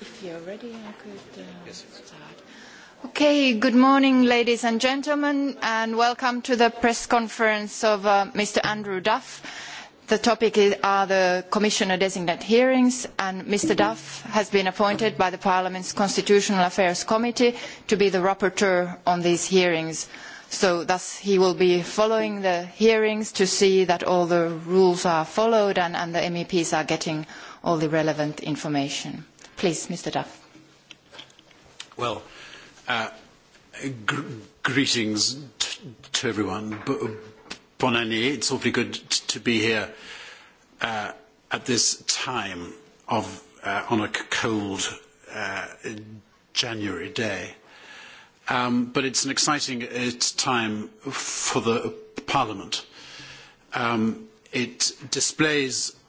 If you're ready, I could uh, start. Okay, good morning, ladies and gentlemen, and welcome to the press conference of uh, Mr. Andrew Duff. The topic is, are the commissioner-designate hearings, and Mr. Duff has been appointed by the Parliament's Constitutional Affairs Committee to be the rapporteur on these hearings. thus he will be following the hearings to see that all the rules are followed and the MEPs are getting all the relevant information. Please, Mr. Duff. Well, uh, gr greetings to everyone. B bon année. It's awfully good to be here uh, at this time of uh, on a cold uh, January day. Um, but it's an exciting uh, time for the Parliament. Um, it displays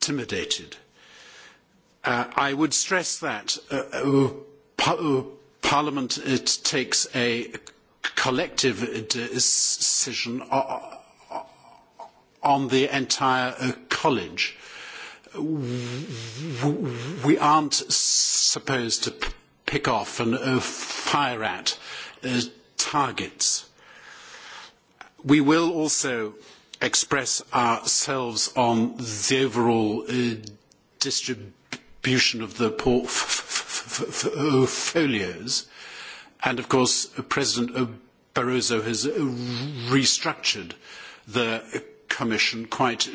intimidated. Uh, I would stress that uh, uh par uh, Parliament takes a collective decision uh, on the entire college. We aren't supposed to pick off and fire at targets. We will also express ourselves on the overall uh, distribution of the portfolios. of course, President Barroso has restructured the Commission quite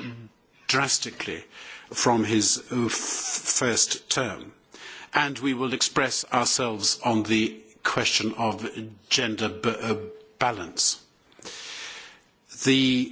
drastically from his first term. we will express ourselves on the question of gender uh, balance. The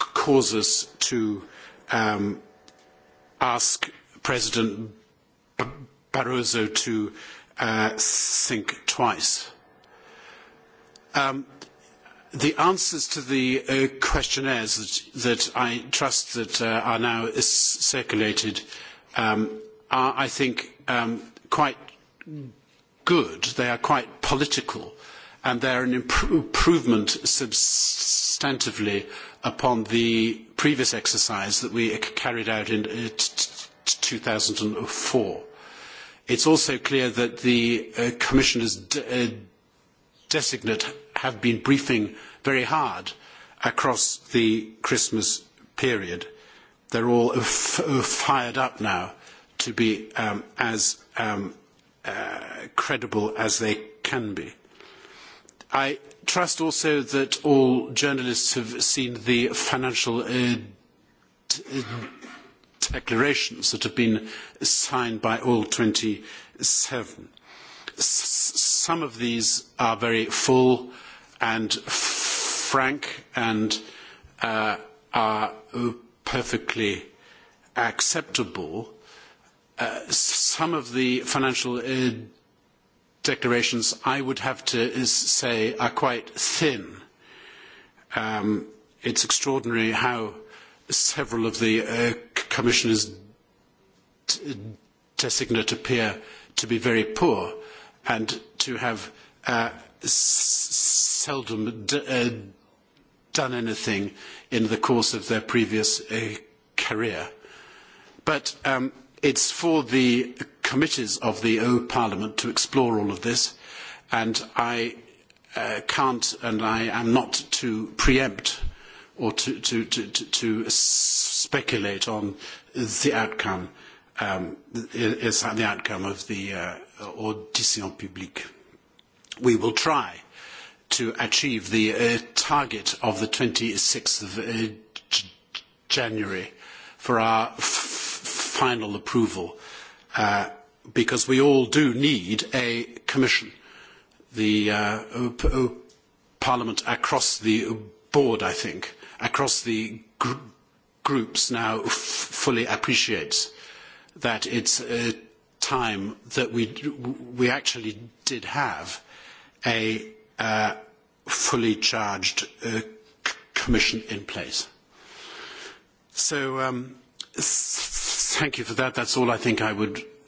cause us to um, ask President Barroso to uh, think twice. Um, the answers to the uh, questionnaires that, that, I trust that uh, are now circulated um, are, I think, um, quite good. They are quite political, and they are an imp improvement substantively upon the previous exercise that we carried out in 2004. Uh, It's also clear that the uh, commissioners uh, designate have been briefing very hard across the Christmas period. They're all fired up now to be um, as um, credible as they can be. I trust also that all journalists have seen the financial uh, uh declarations that have been signed by all 27. S some of these are very full and frank and uh, are perfectly acceptable. Uh, some of the financial uh, declarations, I would have to say, are quite thin. Um, it's extraordinary how several of the uh, commissioners designate appear to be very poor and to have uh, seldom uh, done anything in the course of their previous career. But um, it's for the committees of the EU Parliament to explore all of this, and I uh, can't and I am not to preempt or to, to, to, to speculate on the outcome um, is the outcome of the uh, audition publique. We will try to achieve the uh, target of the 26th of uh, January for our final approval uh, because we all do need a commission. The uh, uh, Parliament across the board, I think, across the gr groups now fully appreciates that it's uh, time that we, we actually did have a uh, fully charged uh, commission in place. So um, thank you for that. That's all I think I would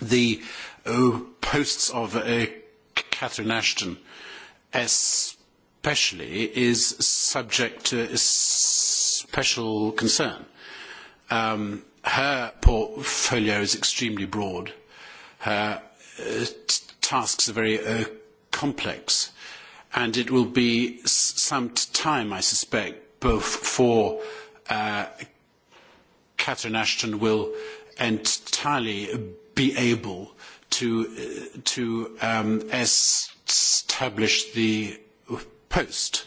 the uh, posts of uh, Catherine Ashton, especially, is subject to special concern. Um, her portfolio is extremely broad. Her uh, tasks are very uh, complex, and it will be some time, I suspect, before uh, Catherine Ashton will entirely be able to, uh, to um, establish the post.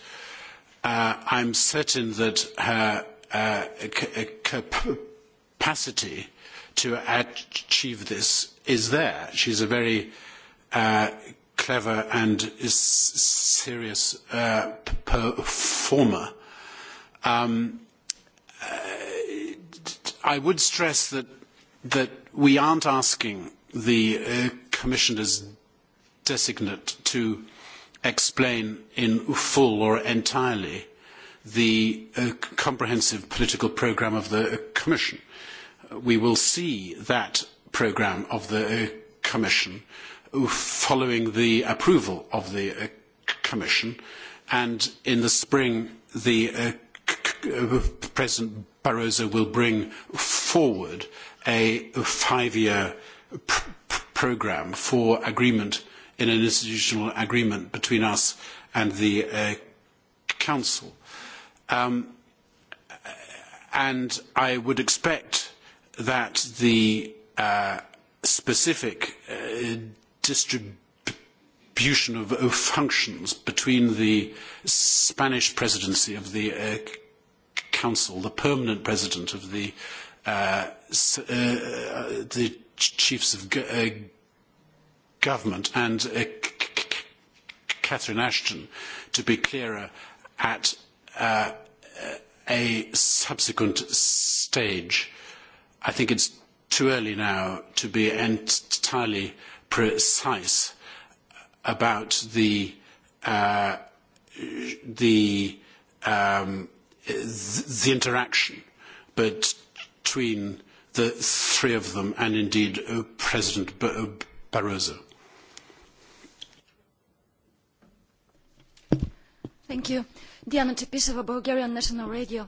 Uh, I'm certain that her uh, uh capacity to achieve this is there. She's a very uh, clever and serious uh, performer. Um, uh, I would stress that that we aren't asking the uh, commissioners designate to explain in full or entirely the uh, comprehensive political programme of the uh, Commission. We will see that programme of the uh, Commission following the approval of the uh, Commission and in the spring the uh, President Barroso will bring forward a five-year program programme for agreement in an institutional agreement between us and the uh, council. Um, and I would expect that the uh, specific uh, distribution of, of, functions between the Spanish presidency of the uh, Council, the permanent president of the Uh, uh, uh, the chiefs of go uh, government and uh, Catherine Ashton to be clearer at uh, a subsequent stage. I think it's too early now to be entirely precise about the uh, the um, the interaction, but between the three of them and indeed uh, President uh, Barroso? Thank you. Diana Tepisova, Bulgarian National Radio.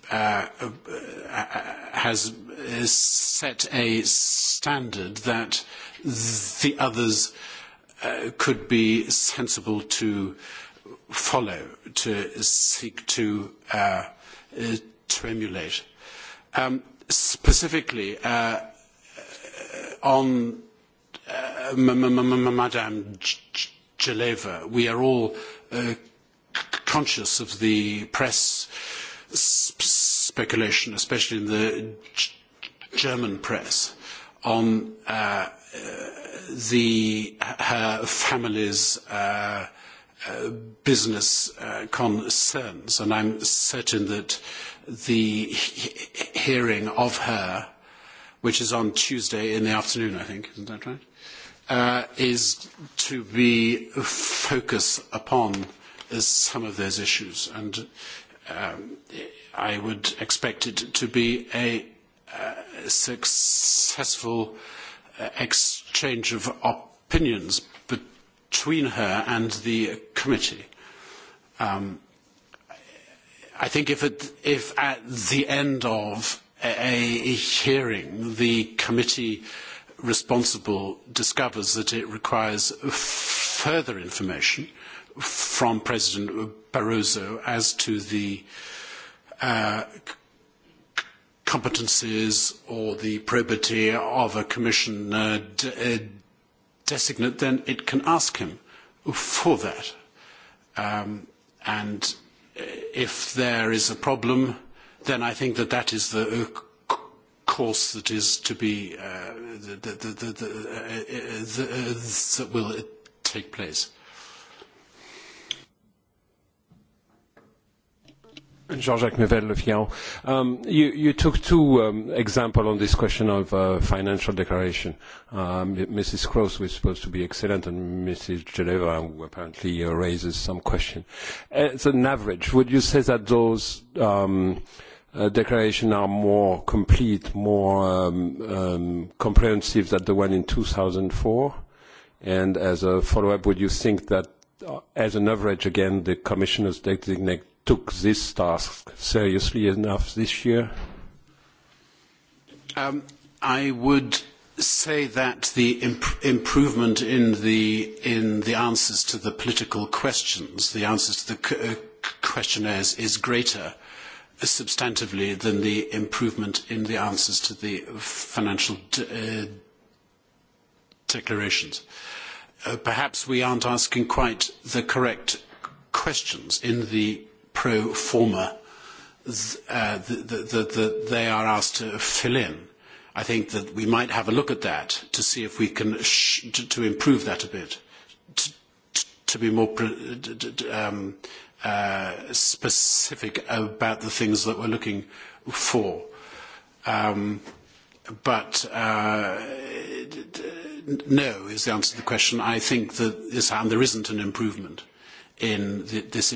uh, has set a standard that the others uh, could be sensible to follow, to seek to, uh, to emulate. Um, specifically, uh, on uh, Madame Geleva, we are all uh, conscious of the press speculation, especially in the German press, on uh, the her family's uh, uh, business uh, concerns, and I'm certain that the he hearing of her, which is on Tuesday in the afternoon, I think, isn't that right? Uh, is to be focus upon some of those issues, and Uh, I would expect it to be a uh, successful uh, exchange of opinions between her and the committee. Um, I think if, it, if at the end of a hearing, the committee responsible discovers that it requires further information, from President Barroso as to the uh, or the probity of a commission uh, uh, designate, then it can ask him for that. Um, and if there is a problem, then I think that that is the uh, course that is to be uh, the, the, the, uh, uh, that will take place. Jean-Jacques Mevel, Le Figaro. Um, you, you took two um, examples on this question of uh, financial declaration. Um, uh, Mrs. Cross was supposed to be excellent, and Mrs. Geneva, who apparently uh, raises some question. As an average, would you say that those um, uh, declarations are more complete, more um, um, comprehensive than the one in 2004? And as a follow-up, would you think that, uh, as an average, again, the commissioners designate took this task seriously enough this year? Um, I would say that the imp improvement in the, in the answers to the political questions, the answers to the uh, questionnaires, is greater uh, substantively than the improvement in the answers to the financial de uh, declarations. Uh, perhaps we aren't asking quite the correct questions in the pro forma uh, that the, the, they are asked to fill in. I think that we might have a look at that to see if we can sh- to, to improve that a bit, to, to be more pre- um, uh, specific about the things that we're looking for. Um, but uh, no is the answer to the question. I think that this, and there isn't an improvement in the, this